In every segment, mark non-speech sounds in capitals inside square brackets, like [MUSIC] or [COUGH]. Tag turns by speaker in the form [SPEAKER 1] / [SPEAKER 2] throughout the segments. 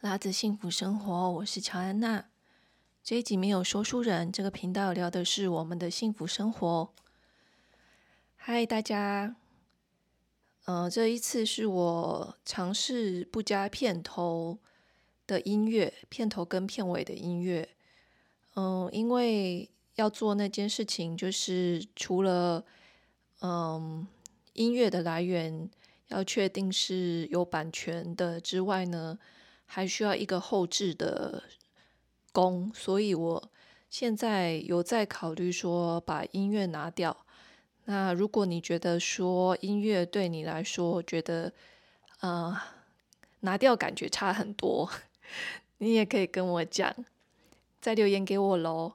[SPEAKER 1] 拉着幸福生活，我是喬安娜。這一集沒有說書人，這個頻道聊的是我們的幸福生活。嗨，大家！嗯，這一次是我嘗試不加片頭的音樂，片頭跟片尾的音樂。嗯，因為要做那件事情，就是除了，嗯，音樂的來源，要確定是有版權的之外呢。還需要一個後製的工，所以我現在有在考慮說把音樂拿掉。那如果你覺得說音樂對你來說覺得啊、呃、拿掉感覺差很多，你也可以跟我講，再留言給我嘍。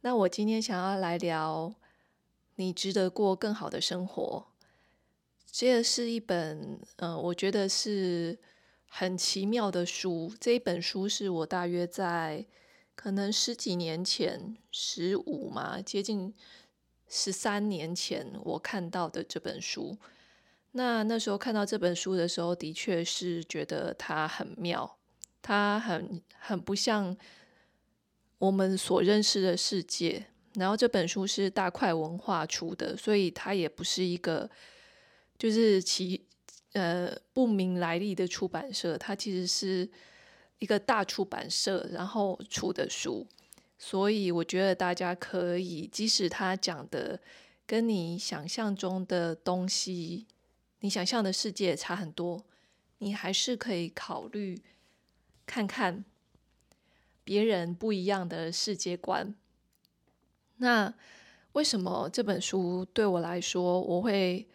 [SPEAKER 1] 那我今天想要來聊你值得過更好的生活，這是一本，嗯、呃，我覺得是。很奇妙的書，這一本書是我大約在可能十幾年前，十五嘛，接近十三年前我看到的這本書。那那時候看到這本書的時候，的確是覺得它很妙，它很很不像我們所認識的世界。然後這本書是大塊文化出的，所以它也不是一個就是其。呃，不明來歷的出版社，它其實是一個大出版社，然後出的書，所以我覺得大家可以，即使它講的跟你想象中的東西、你想象的世界差很多，你還是可以考慮看看別人不一樣的世界觀。那為什麼這本書對我來說，我會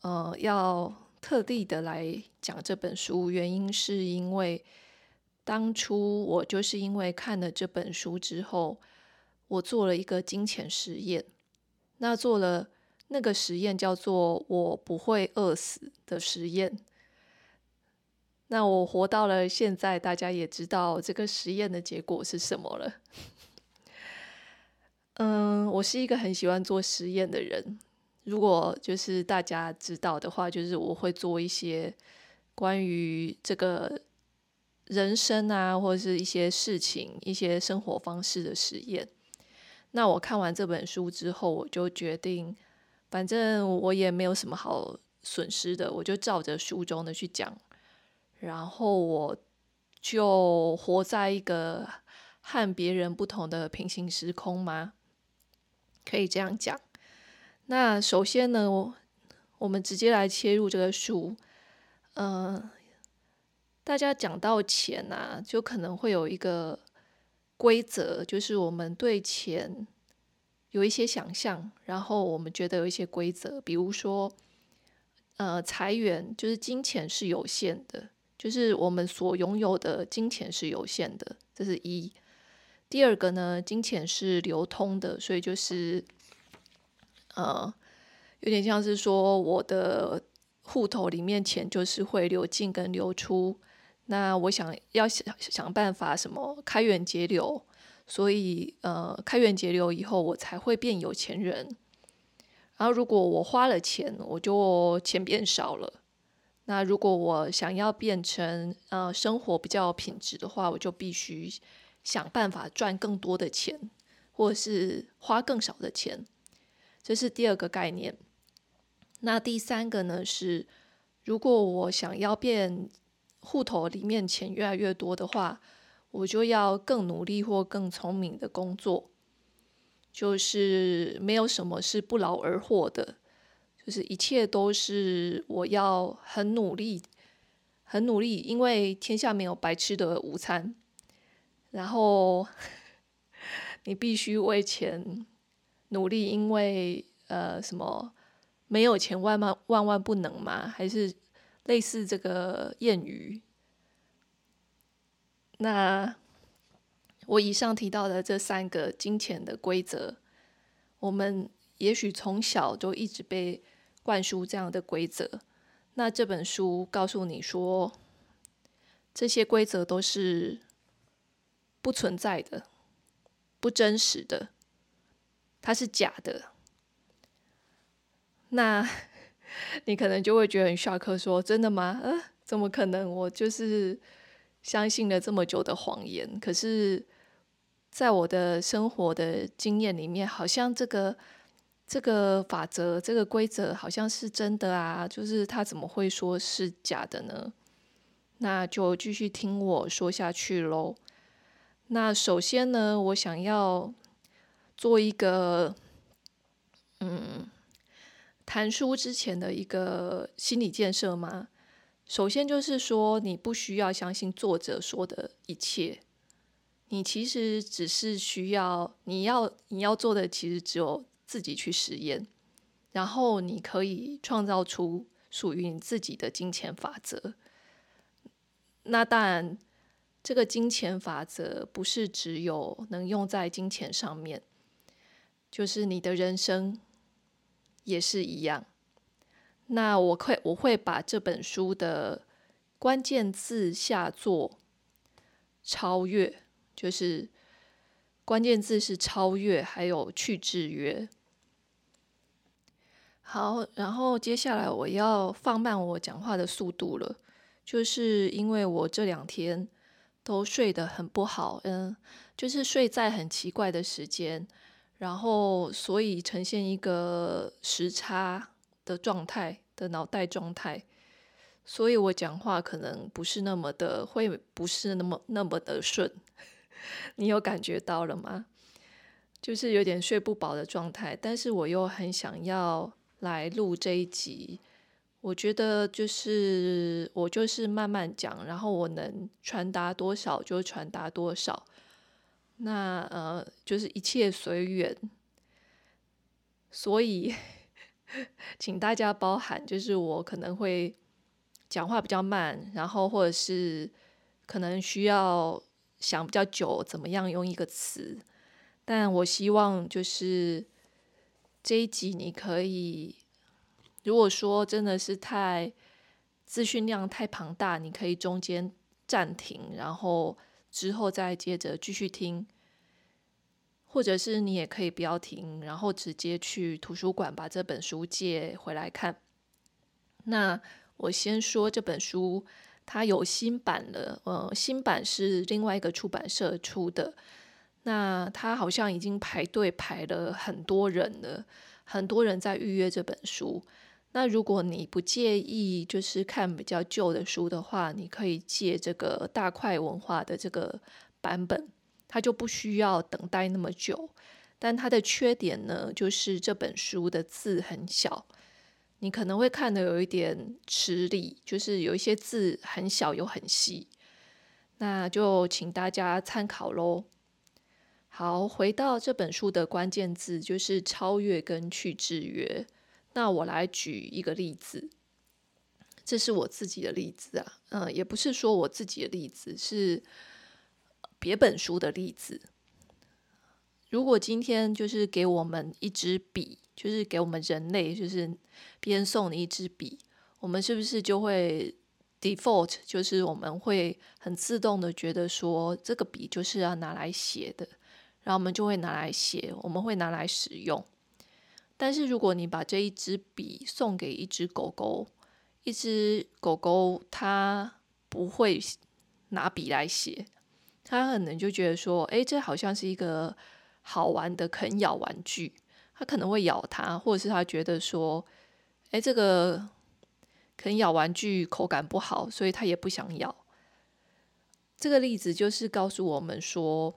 [SPEAKER 1] 呃要，特地的來講這本書，原因是因為當初我就是因為看了這本書之後，我做了一個金錢實驗。那做了那個實驗叫做“我不會餓死”的實驗。那我活到了現在，大家也知道這個實驗的結果是什麼了。嗯，我是一個很喜歡做實驗的人。如果就是大家知道的話，就是我會做一些關於這個人生啊，或者是一些事情、一些生活方式的實驗。那我看完這本書之後，我就決定，反正我也沒有什麼好損失的，我就照着書中的去講。然後我就活在一個和別人不同的平行時空嗎？可以這樣講。那首先呢我，我們直接來切入這個書。嗯、呃，大家講到錢啊，就可能會有一個規則，就是我們對錢有一些想象，然後我們覺得有一些規則，比如說，呃，財源，就是金錢是有限的，就是我們所擁有的金錢是有限的，這是一。第二個呢，金錢是流通的，所以就是。呃，uh, 有點像是說我的戶頭裡面錢就是會流進跟流出，那我想要想辦法什麼開源節流，所以呃、uh, 開源節流以後我才會變有錢人。然後如果我花了錢，我就錢變少了。那如果我想要變成呃、uh, 生活比較品質的話，我就必須想辦法賺更多的錢，或者是花更少的錢。這是第二個概念。那第三個呢？是如果我想要變戶頭裡面錢越來越多的話，我就要更努力或更聰明的工作。就是沒有什麼是不勞而獲的，就是一切都是我要很努力、很努力，因為天下沒有白吃的午餐。然後 [LAUGHS] 你必須為錢努力，因為呃，什麼沒有錢萬萬萬萬不能嗎？還是類似這個諺語？那我以上提到的這三個金錢的規則，我們也許從小就一直被灌輸這樣的規則。那這本書告訴你說，這些規則都是不存在的，不真實的。它是假的，那你可能就會覺得很 shock 說：“真的嗎？嗯、啊，怎麼可能？我就是相信了這麼久的謊言。可是，在我的生活的經驗裡面，好像這個這個法則、這個規則好像是真的啊。就是他怎麼會說是假的呢？那就繼續聽我說下去嘍。那首先呢，我想要。”做一個，嗯，談書之前的一個心理建設嘛。首先就是說，你不需要相信作者說的一切，你其實只是需要，你要你要做的，其實只有自己去實驗，然後你可以創造出屬於你自己的金錢法則。那當然，這個金錢法則不是只有能用在金錢上面。就是你的人生也是一樣。那我會我會把這本書的關鍵字下作超越，就是關鍵字是超越，還有去制約。好，然後接下來我要放慢我講話的速度了，就是因為我這兩天都睡得很不好，嗯，就是睡在很奇怪的時間。然後，所以呈現一個時差的狀態的腦袋狀態，所以我講話可能不是那麼的，會不是那麼那麼的順。你有感覺到了嗎？就是有點睡不飽的狀態，但是我又很想要來錄這一集。我覺得就是我就是慢慢講，然後我能傳達多少就傳達多少。那呃，就是一切隨緣，所以請大家包涵，就是我可能會講話比較慢，然後或者是可能需要想比較久，怎麼樣用一個詞？但我希望就是這一集你可以，如果說真的是太資訊量太龐大，你可以中間暫停，然後。之後再接着繼續聽，或者是你也可以不要停，然後直接去圖書館把這本書借回來看。那我先說這本書，它有新版了，呃、嗯，新版是另外一個出版社出的。那它好像已經排隊排了很多人了，很多人在預約這本書。那如果你不介意，就是看比較舊的書的話，你可以借這個大塊文化的這個版本，它就不需要等待那麼久。但它的缺點呢，就是這本書的字很小，你可能會看得有一點吃力，就是有一些字很小又很細。那就請大家參考嘍。好，回到這本書的關鍵字，就是超越跟去制約。那我來舉一個例子，這是我自己的例子啊，嗯，也不是說我自己的例子，是別本書的例子。如果今天就是給我們一支筆，就是給我們人類，就是別人送你一支筆，我們是不是就會 default，就是我們會很自動的覺得說，這個筆就是要拿來寫的，然後我們就會拿來寫，我們會拿來使用。但是，如果你把這一支筆送給一只狗狗，一只狗狗它不會拿筆來寫，它可能就覺得說：“哎、欸，這好像是一個好玩的啃咬玩具。”它可能會咬它，或者是它覺得說：“哎、欸，這個啃咬玩具口感不好，所以它也不想咬。”這個例子就是告訴我們說，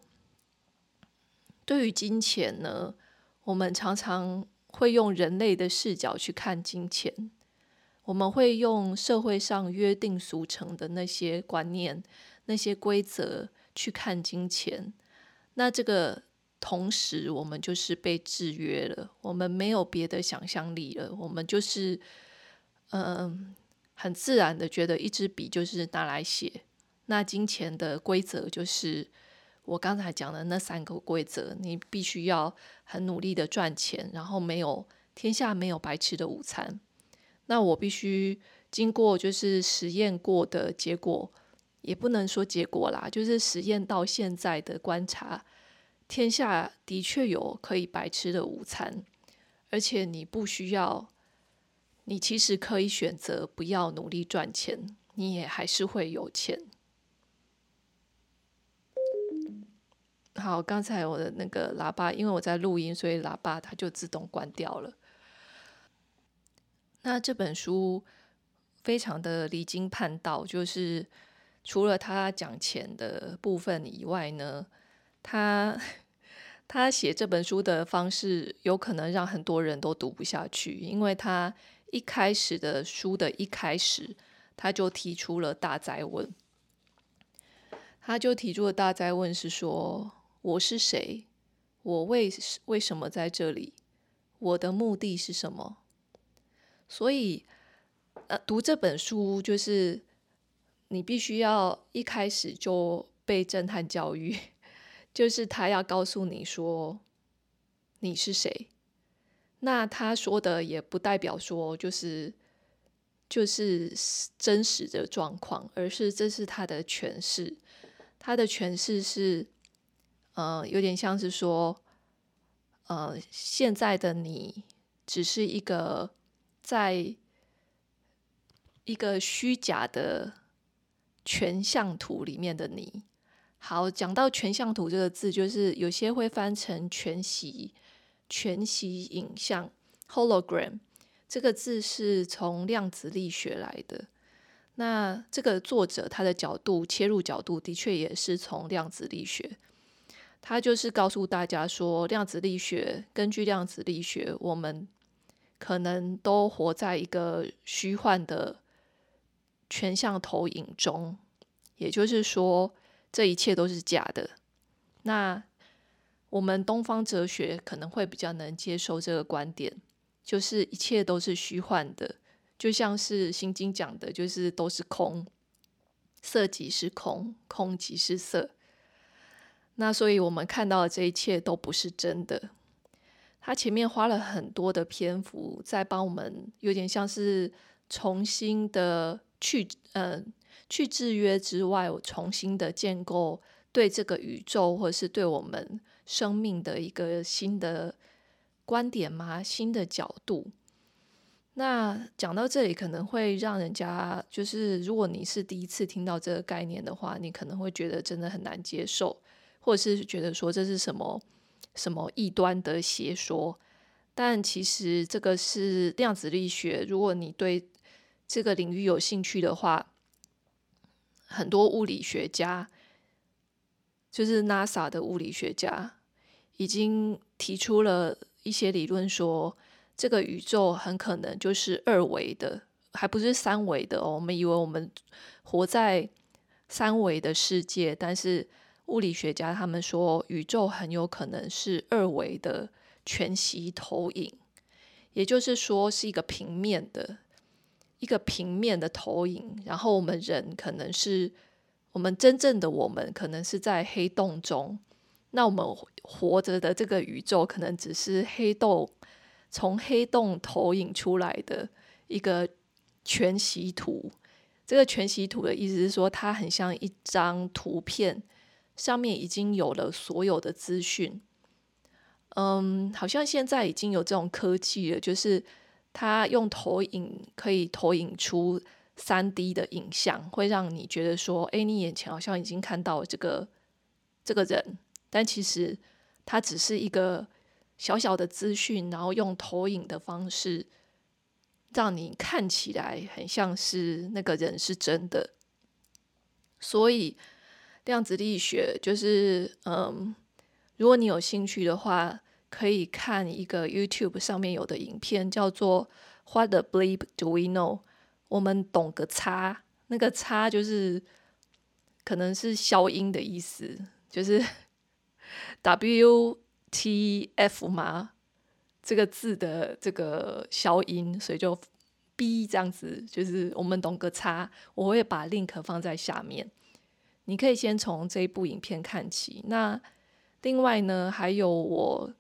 [SPEAKER 1] 對於金錢呢，我們常常。會用人類的視角去看金錢，我們會用社會上約定俗成的那些觀念、那些規則去看金錢。那這個同時，我們就是被制約了，我們沒有別的想象力了，我們就是嗯，很自然的覺得一支筆就是拿來寫。那金錢的規則就是。我剛才講的那三個規則，你必須要很努力的賺錢，然後沒有，天下沒有白吃的午餐。那我必須經過就是實驗過的結果，也不能說結果啦，就是實驗到現在的觀察，天下的確有可以白吃的午餐，而且你不需要，你其實可以選擇不要努力賺錢，你也還是會有錢。好，剛才我的那個喇叭，因為我在錄音，所以喇叭它就自動關掉了。那這本書非常的離經叛道，就是除了他講錢的部分以外呢，他他寫這本書的方式有可能讓很多人都讀不下去，因為他一開始的書的一開始，他就提出了大哉問，他就提出了大哉問是說。我是誰？我為為什麼在這裡？我的目的是什麼？所以，呃，讀這本書就是你必須要一開始就被震撼教育，就是他要告訴你說你是誰。那他說的也不代表說就是就是真實的狀況，而是這是他的詮釋，他的詮釋是。呃，有點像是說，呃，現在的你只是一個在一個虛假的全像圖裡面的你。好，講到全像圖這個字，就是有些會翻成全息、全息影像 （Hologram）。這個字是從量子力學來的。那這個作者他的角度切入角度的確也是從量子力學。他就是告訴大家說，量子力學根據量子力學，我們可能都活在一個虛幻的全像投影中，也就是說，這一切都是假的。那我們東方哲學可能會比較能接受這個觀點，就是一切都是虛幻的，就像是《心經》講的，就是都是空，色即是空，空即是色。那所以，我們看到的這一切都不是真的。他前面花了很多的篇幅，在幫我們有點像是重新的去嗯、呃、去制約之外，重新的建構對這個宇宙或者是對我們生命的一個新的觀點嗎？新的角度。那講到這裡，可能會讓人家就是，如果你是第一次聽到這個概念的話，你可能會覺得真的很難接受。或者是覺得說，這是什麼什麼異端的邪說，但其實這個是量子力學。如果你對這個領域有興趣的話，很多物理學家，就是 NASA 的物理學家，已經提出了一些理論說，說這個宇宙很可能就是二維的，還不是三維的哦。我們以為我們活在三維的世界，但是。物理學家他們說，宇宙很有可能是二維的全息投影，也就是說是一個平面的，一個平面的投影。然後我們人可能是我們真正的我們，可能是在黑洞中。那我們活着的這個宇宙，可能只是黑洞從黑洞投影出來的一個全息圖。這個全息圖的意思是說，它很像一張圖片。上面已經有了所有的資訊，嗯，好像現在已經有這種科技了，就是他用投影可以投影出三 D 的影像，會讓你覺得說，哎，你眼前好像已經看到了這個這個人，但其實他只是一個小小的資訊，然後用投影的方式讓你看起來很像是那個人是真的，所以。量子力學就是，嗯，如果你有興趣的話，可以看一個 YouTube 上面有的影片，叫做 "What the bleep do we know？我們懂個叉，那個叉就是可能是消音的意思，就是 W T F 嘛，這個字的這個消音，所以就 B 這樣子，就是我們懂個叉。我會把 link 放在下面。你可以先從這一部影片看起。那另外呢，還有我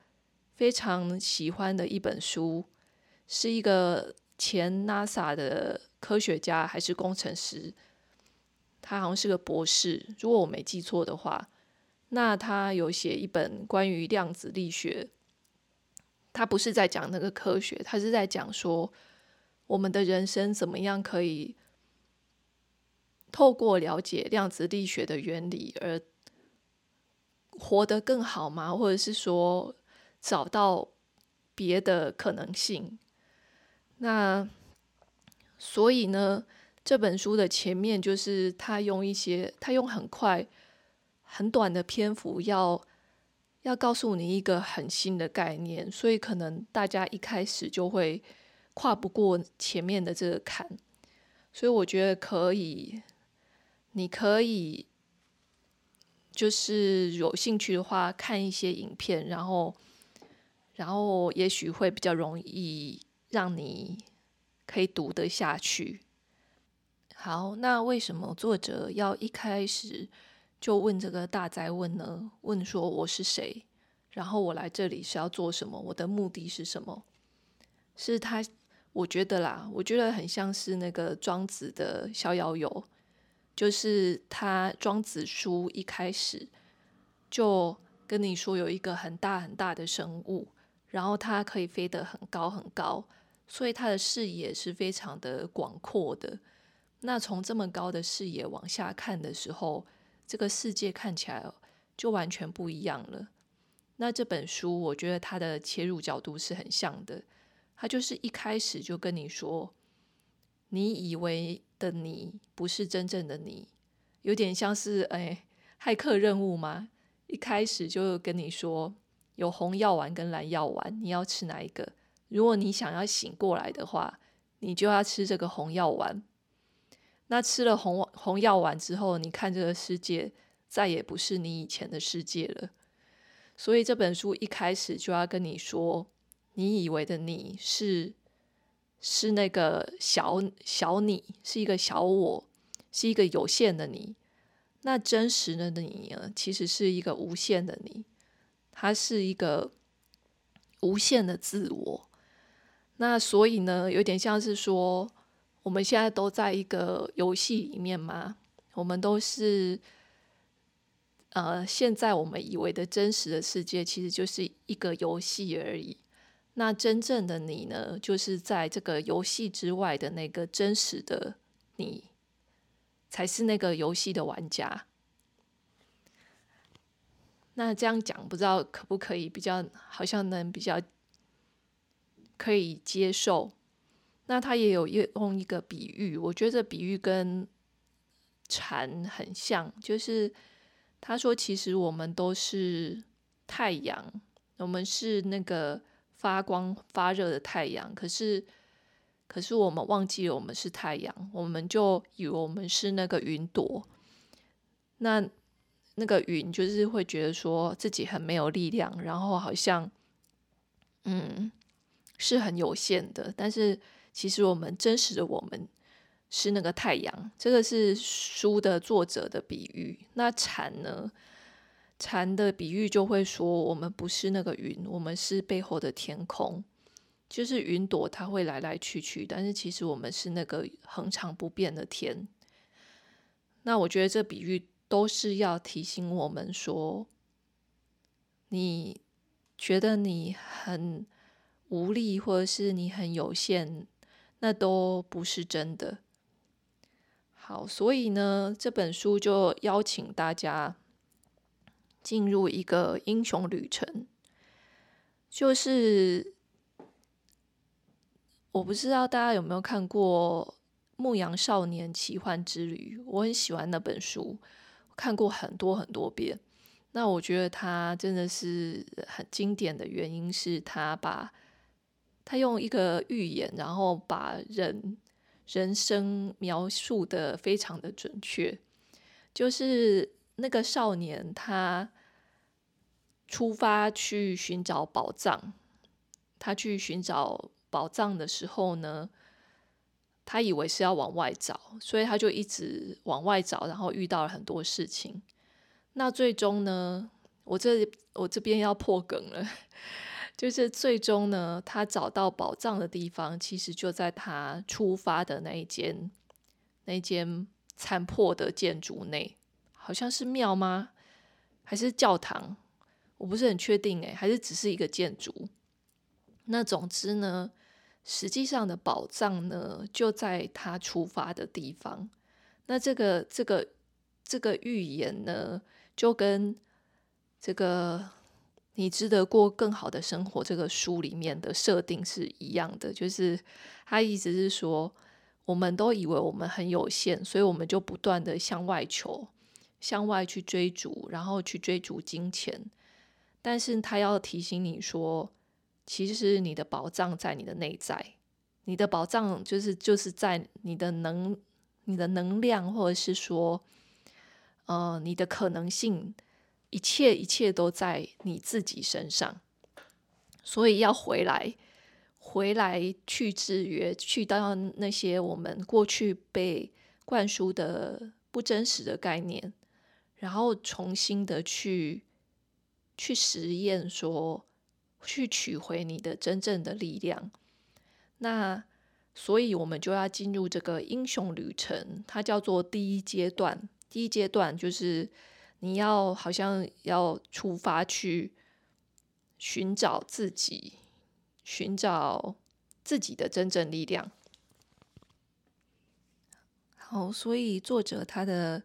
[SPEAKER 1] 非常喜歡的一本書，是一個前 NASA 的科學家還是工程師，他好像是個博士，如果我沒記錯的話，那他有寫一本關於量子力學。他不是在講那個科學，他是在講說我們的人生怎麼樣可以。透過了解量子力學的原理，而活得更好嗎？或者是說找到別的可能性？那所以呢，這本書的前面就是他用一些，他用很快很短的篇幅，要要告訴你一個很新的概念，所以可能大家一開始就會跨不過前面的這個坎，所以我覺得可以。你可以就是有興趣的話，看一些影片，然後，然後也許會比較容易讓你可以讀得下去。好，那為什麼作者要一開始就問這個大哉問呢？問說我是誰，然後我來這裡是要做什麼？我的目的是什麼？是他，我覺得啦，我覺得很像是那個莊子的《逍遙遊》。就是他《莊子》書一開始就跟你說有一個很大很大的生物，然後它可以飛得很高很高，所以它的視野是非常的廣闊的。那從這麼高的視野往下看的時候，這個世界看起來就完全不一樣了。那這本書我覺得它的切入角度是很像的，它就是一開始就跟你說。你以為的你不是真正的你，有點像，是哎，駭客任務嘛。一開始就跟你說有紅藥丸跟藍藥丸，你要吃哪一個？如果你想要醒過來的話，你就要吃這個紅藥丸。那吃了紅紅藥丸之後，你看這個世界再也不是你以前的世界了。所以這本書一開始就要跟你說，你以為的你是。是那個小小你，是一個小我，是一個有限的你。那真實的你呢？其實是一個無限的你，它是一個無限的自我。那所以呢，有點像是說，我們現在都在一個遊戲裡面嘛。我們都是呃，現在我們以為的真實的世界，其實就是一個遊戲而已。那真正的你呢？就是在這個遊戲之外的那個真實的你，才是那個遊戲的玩家。那這樣講，不知道可不可以比較，好像能比較可以接受。那他也有用一個比喻，我覺得比喻跟禪很像，就是他說，其實我們都是太陽，我們是那個發光發熱的太陽，可是，可是我們忘記了我們是太陽，我們就以為我們是那個雲朵。那那個雲就是會覺得說自己很沒有力量，然後好像，嗯，是很有限的。但是其實我們真實的我們是那個太陽，這個是書的作者的比喻。那蟬呢？禪的比喻就會說，我們不是那個雲，我們是背後的天空。就是雲朵它會來來去去，但是其實我們是那個恆常不變的天。那我覺得這比喻都是要提醒我們說，你覺得你很無力，或者是你很有限，那都不是真的。好，所以呢，這本書就邀請大家。進入一個英雄旅程，就是我不知道大家有沒有看過《牧羊少年奇幻之旅》？我很喜歡那本書，看過很多很多遍。那我覺得它真的是很經典的原因是它，他把他用一個寓言，然後把人人生描述的非常的準確，就是。那個少年他出發去尋找寶藏，他去尋找寶藏的時候呢，他以為是要往外找，所以他就一直往外找，然後遇到了很多事情。那最終呢，我這我這邊要破梗了，就是最終呢，他找到寶藏的地方，其實就在他出發的那一間那一間殘破的建築內。好像是廟嗎？還是教堂？我不是很確定。誒，還是只是一個建築。那總之呢，實際上的寶藏呢，就在他出發的地方。那這個這個這個預言呢，就跟這個《你值得過更好的生活》這個書裡面的設定是一樣的。就是他一直是說，我們都以為我們很有限，所以我們就不斷的向外求。向外去追逐，然後去追逐金錢，但是他要提醒你說，其實你的寶藏在你的內在，你的寶藏就是就是在你的能、你的能量，或者是說，呃，你的可能性，一切一切都在你自己身上，所以要回來，回來去制約，去到那些我們過去被灌輸的不真實的概念。然後重新的去去實驗說，說去取回你的真正的力量。那所以，我們就要進入這個英雄旅程，它叫做第一階段。第一階段就是你要好像要出發去尋找自己，尋找自己的真正力量。好，所以作者他的。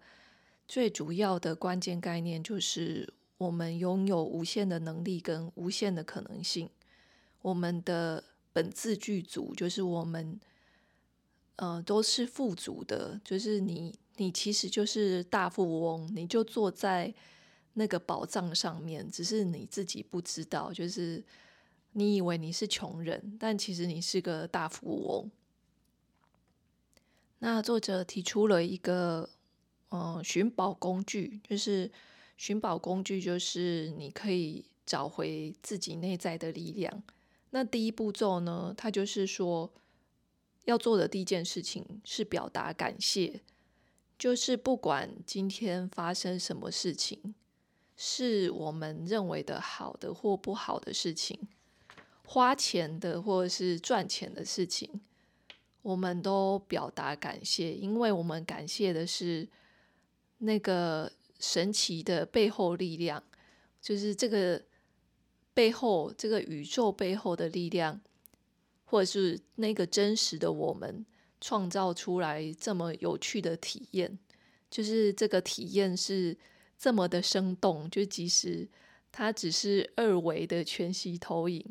[SPEAKER 1] 最主要的關鍵概念就是，我們擁有無限的能力跟無限的可能性。我們的本自具足，就是我們，嗯、呃，都是富足的。就是你，你其實就是大富翁，你就坐在那個寶藏上面，只是你自己不知道。就是你以為你是窮人，但其實你是個大富翁。那作者提出了一個。嗯，尋寶工具就是尋寶工具，就是你可以找回自己內在的力量。那第一步驟呢，它就是說要做的第一件事情是表達感謝，就是不管今天發生什麼事情，是我們認為的好的或不好的事情，花錢的或者是賺錢的事情，我們都表達感謝，因為我們感謝的是，那個神奇的背後力量，就是這個背後這個宇宙背後的力量，或者是那個真實的我們創造出來這麼有趣的體驗，就是這個體驗是這麼的生動，就即使它只是二維的全息投影，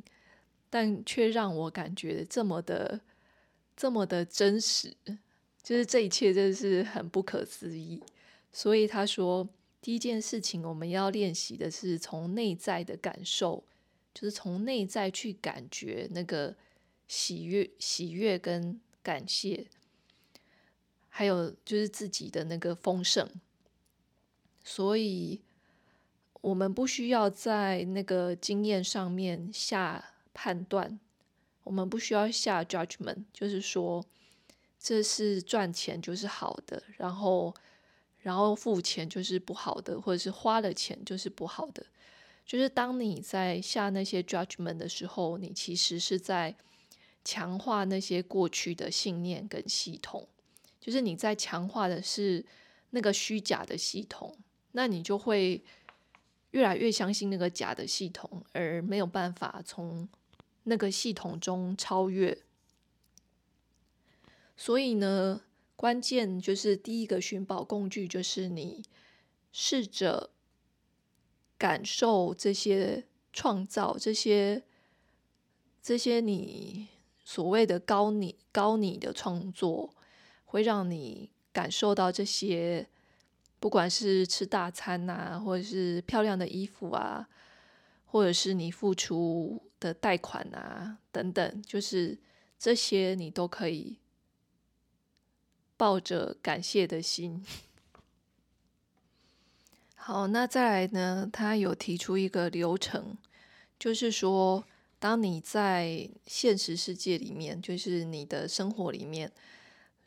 [SPEAKER 1] 但卻讓我感覺這麼的這麼的真實，就是這一切真是很不可思議。所以他說，第一件事情我們要練習的是從內在的感受，就是從內在去感覺那個喜悅、喜悅跟感謝，還有就是自己的那個豐盛。所以，我們不需要在那個經驗上面下判斷，我們不需要下 judgment，就是說這是賺錢就是好的，然後。然後付錢就是不好的，或者是花了錢就是不好的，就是當你在下那些 judgment 的時候，你其實是在強化那些過去的信念跟系統，就是你在強化的是那個虛假的系統，那你就會越來越相信那個假的系統，而沒有辦法從那個系統中超越。所以呢，關鍵就是第一個尋寶工具，就是你試着感受這些創造，這些這些你所謂的高你，高你的創作，會讓你感受到這些，不管是吃大餐啊，或者是漂亮的衣服啊，或者是你付出的貸款啊等等，就是這些你都可以。抱着感謝的心。好，那再來呢？他有提出一個流程，就是說，當你在現實世界裡面，就是你的生活裡面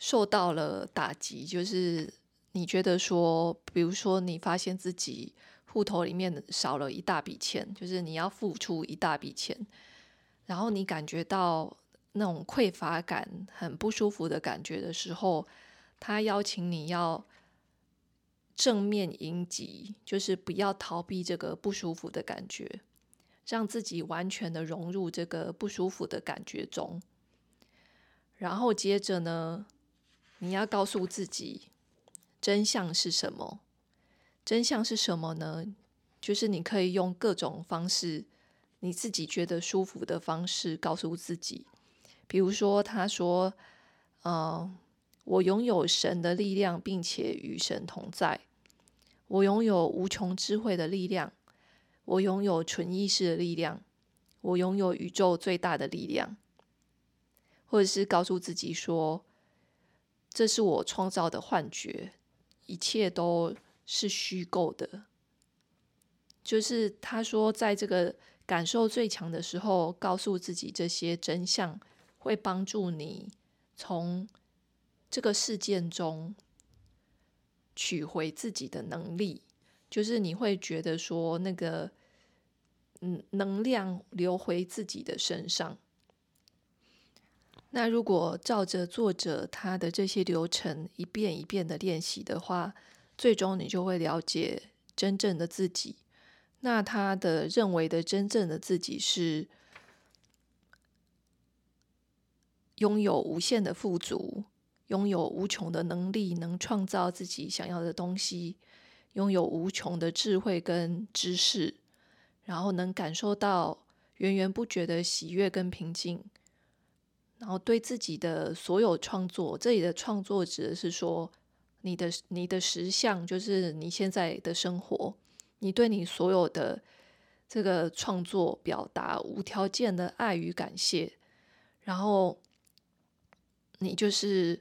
[SPEAKER 1] 受到了打擊，就是你覺得說，比如說你發現自己戶頭裡面少了一大筆錢，就是你要付出一大筆錢，然後你感覺到。那種匱乏感很不舒服的感覺的時候，他邀請你要正面迎擊，就是不要逃避這個不舒服的感覺，讓自己完全的融入這個不舒服的感覺中。然後接着呢，你要告訴自己真相是什麼？真相是什麼呢？就是你可以用各種方式，你自己覺得舒服的方式告訴自己。比如說，他說：“嗯、呃，我擁有神的力量，並且與神同在。我擁有無窮智慧的力量，我擁有純意識的力量，我擁有宇宙最大的力量。”或者是告訴自己說：“這是我創造的幻覺，一切都是虛構的。”就是他說，在這個感受最強的時候，告訴自己這些真相。會幫助你從這個事件中取回自己的能力，就是你會覺得說，那個嗯能量流回自己的身上。那如果照着作者他的這些流程一遍一遍的練習的話，最終你就會了解真正的自己。那他的認為的真正的自己是。擁有無限的富足，擁有無窮的能力，能創造自己想要的東西，擁有無窮的智慧跟知識，然後能感受到源源不絕的喜悅跟平靜，然後對自己的所有創作，這裡的創作指的是說你的你的實相，就是你現在的生活，你對你所有的這個創作表達無條件的愛與感謝，然後。你就是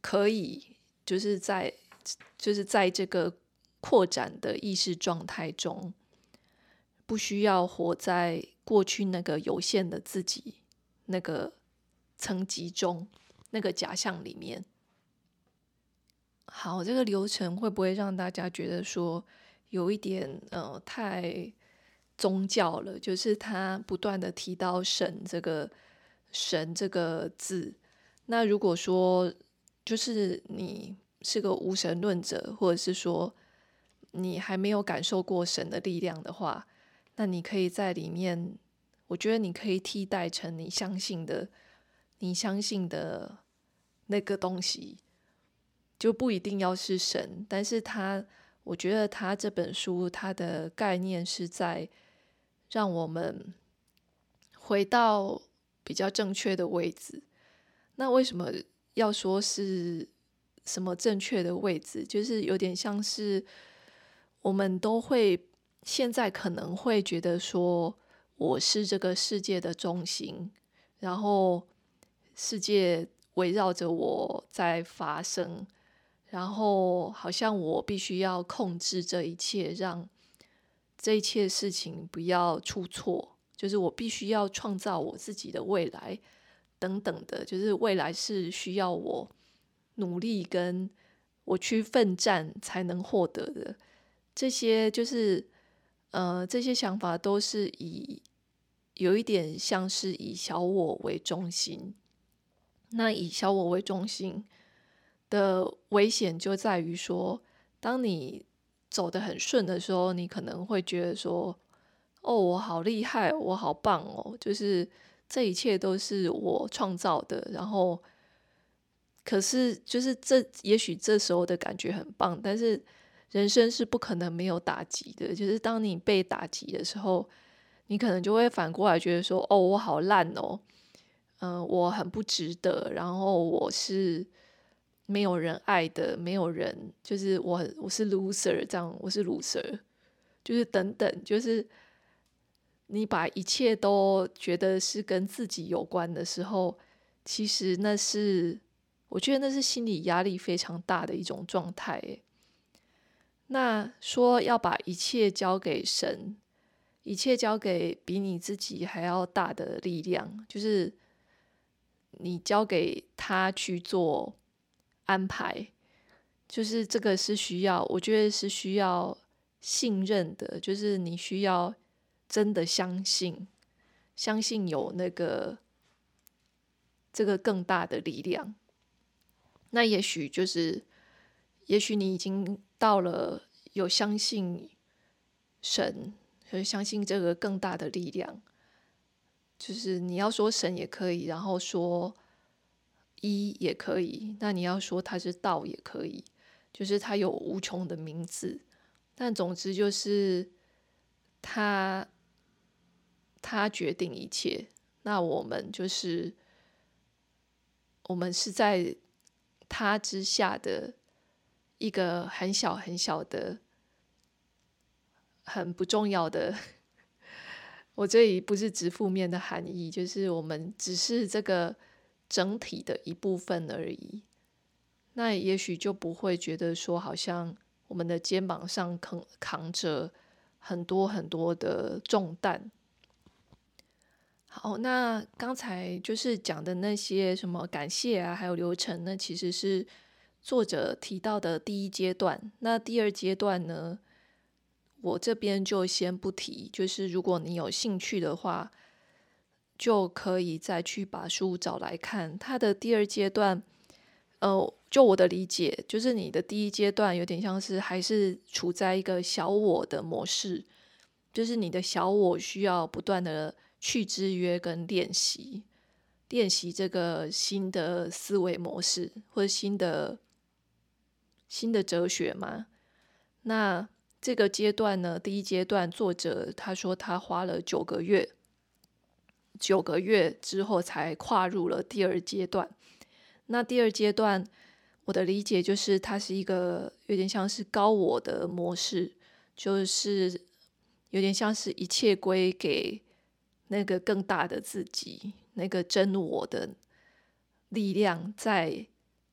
[SPEAKER 1] 可以，就是在就是在這個擴展的意識狀態中，不需要活在過去那個有限的自己，那個層級中，那個假象裡面。好，這個流程會不會讓大家覺得說有一點呃太宗教了？就是他不斷的提到神這個。神這個字，那如果說就是你是個無神論者，或者是說你還沒有感受過神的力量的話，那你可以在裡面，我覺得你可以替代成你相信的、你相信的那個東西，就不一定要是神。但是他，我覺得他這本書它他的概念是在讓我們回到。比較正確的位置，那為什麼要說是什麼正確的位置？就是有點像是我們都會現在可能會覺得說我是這個世界的中心，然後世界圍繞着我在發生，然後好像我必須要控制這一切，讓這一切事情不要出錯。就是我必須要創造我自己的未來，等等的，就是未來是需要我努力跟我去奮戰才能獲得的。這些就是，呃，這些想法都是以有一點像是以小我為中心。那以小我為中心的危險就在於說，當你走得很順的時候，你可能會覺得說。哦，我好厲害，我好棒哦！就是這一切都是我創造的。然後，可是就是這，也許這時候的感覺很棒，但是人生是不可能沒有打擊的。就是當你被打擊的時候，你可能就會反過來覺得說：“哦，我好爛哦，嗯，我很不值得，然後我是沒有人愛的，沒有人，就是我，我是 loser，這樣，我是 loser，就是等等，就是。”你把一切都覺得是跟自己有關的時候，其實那是我覺得那是心理壓力非常大的一種狀態。那說要把一切交給神，一切交給比你自己還要大的力量，就是你交給他去做安排，就是這個是需要，我覺得是需要信任的，就是你需要。真的相信，相信有那個這個更大的力量。那也許就是，也許你已經到了有相信神和、就是、相信這個更大的力量。就是你要說神也可以，然後說一也可以，那你要說他是道也可以，就是他有無窮的名字。但總之就是他。他決定一切，那我們就是我們是在他之下的一個很小很小的、很不重要的。我這裡不是指負面的含義，就是我們只是這個整體的一部分而已。那也許就不會覺得說，好像我們的肩膀上扛扛着很多很多的重擔。好，那剛才就是講的那些什麼感謝啊，還有流程呢，其實是作者提到的第一階段。那第二階段呢，我這邊就先不提。就是如果你有興趣的話，就可以再去把書找來看。他的第二階段，呃，就我的理解，就是你的第一階段有點像是還是處在一個小我的模式，就是你的小我需要不斷的。去制約跟練習，練習這個新的思維模式或者新的新的哲學嘛。那這個階段呢？第一階段，作者他說他花了九個月，九個月之後才跨入了第二階段。那第二階段，我的理解就是它是一個有點像是高我的模式，就是有點像是一切歸給。那個更大的自己，那個真我的力量在，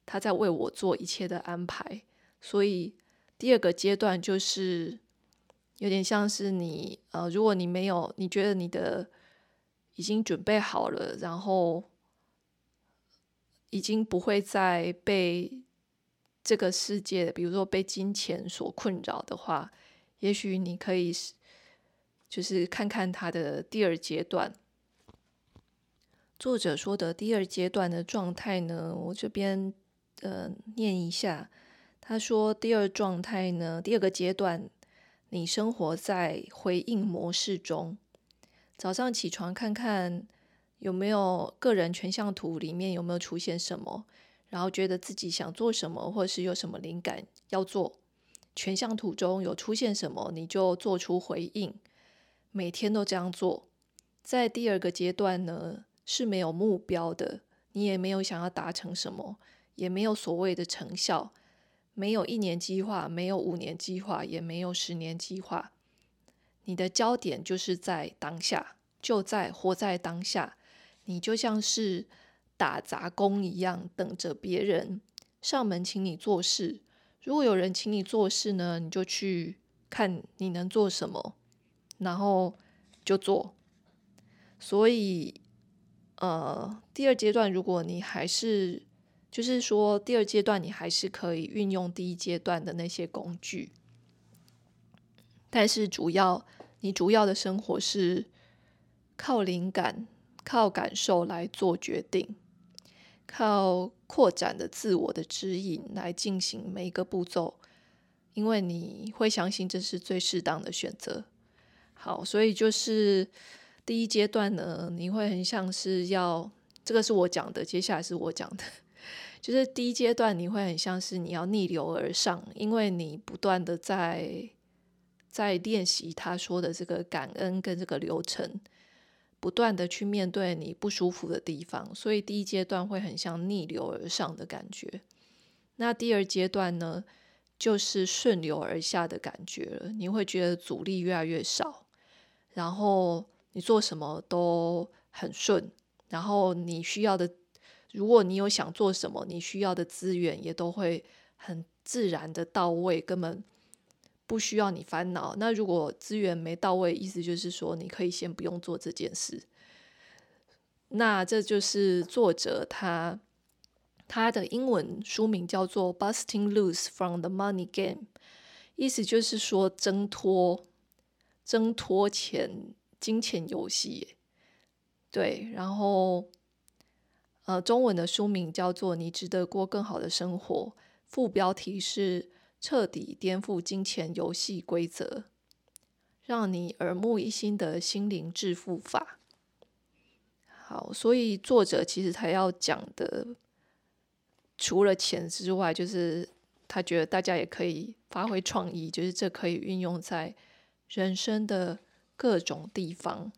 [SPEAKER 1] 他在為我做一切的安排。所以第二個階段就是有點像是你，呃，如果你沒有，你覺得你的已經準備好了，然後已經不會再被這個世界，比如說被金錢所困擾的話，也許你可以。就是看看他的第二階段。作者說的第二階段的狀態呢，我這邊呃念一下。他說，第二狀態呢，第二個階段，你生活在回應模式中。早上起床，看看有沒有個人全像圖裡面有沒有出現什麼，然後覺得自己想做什麼，或是有什麼靈感要做。全像圖中有出現什麼，你就做出回應。每天都這樣做，在第二個階段呢，是沒有目標的，你也沒有想要達成什麼，也沒有所謂的成效，沒有一年計劃，沒有五年計劃，也沒有十年計劃。你的焦點就是在當下，就在活在當下。你就像是打雜工一樣，等着別人上門請你做事。如果有人請你做事呢，你就去看你能做什麼。然後就做，所以呃，第二階段如果你還是就是說，第二階段你還是可以運用第一階段的那些工具，但是主要你主要的生活是靠靈感、靠感受來做決定，靠擴展的自我的指引來進行每一個步驟，因為你會相信這是最適當的選擇。好，所以就是第一階段呢，你會很像是要，這個是我講的，接下來是我講的，就是第一階段你會很像是你要逆流而上，因為你不斷的在在練習他說的這個感恩跟這個流程，不斷的去面對你不舒服的地方，所以第一階段會很像逆流而上的感覺。那第二階段呢，就是順流而下的感覺了，你會覺得阻力越來越少。然後你做什麼都很順，然後你需要的，如果你有想做什麼，你需要的資源也都會很自然的到位，根本不需要你煩惱。那如果資源沒到位，意思就是說你可以先不用做這件事。那這就是作者他他的英文書名叫做《Busting Loose from the Money Game》，意思就是說掙脫。掙脫錢，金錢遊戲耶，對，然後呃，中文的書名叫做《你值得過更好的生活》，副標題是“徹底顛覆金錢遊戲規則，讓你耳目一新的心靈致富法”。好，所以作者其實他要講的，除了錢之外，就是他覺得大家也可以發揮創意，就是這可以運用在。人生的各種地方。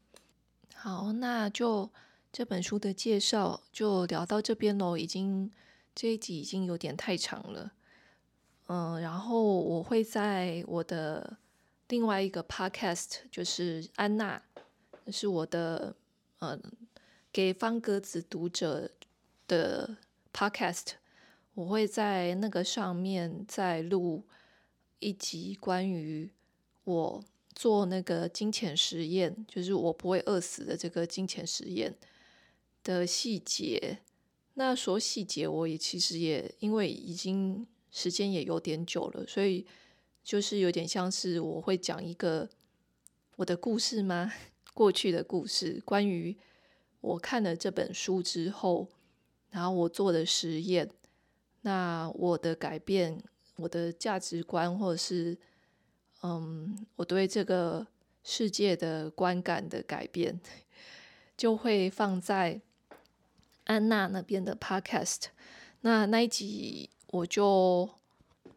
[SPEAKER 1] 好，那就這本書的介紹就聊到這邊嘍。已經這一集已經有點太長了。嗯，然後我會在我的另外一個 Podcast，就是安納，是我的嗯給方格子讀者的 Podcast，我會在那個上面再錄一集關於我。做那個金錢實驗，就是我不會餓死的這個金錢實驗的細節。那說細節，我也其實也因為已經時間也有點久了，所以就是有點像是我會講一個我的故事嗎？過去的故事，關於我看了這本書之後，然後我做的實驗，那我的改變，我的價值觀，或者是。嗯，um, 我對這個世界的觀感的改變，就會放在安納那邊的 podcast。那那一集我就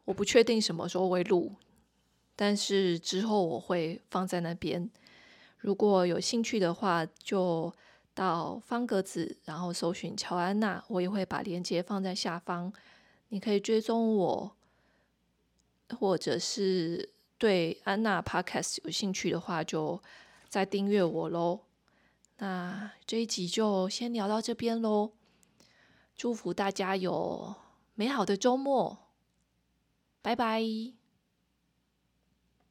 [SPEAKER 1] 我不確定什麼時候會錄，但是之後我會放在那邊。如果有興趣的話，就到方格子，然後搜尋喬安納。我也會把鏈接放在下方，你可以追蹤我，或者是。對安納 Podcast 有興趣的話，就再訂閱我嘍。那這一集就先聊到這邊嘍。祝福大家有美好的週末，拜拜。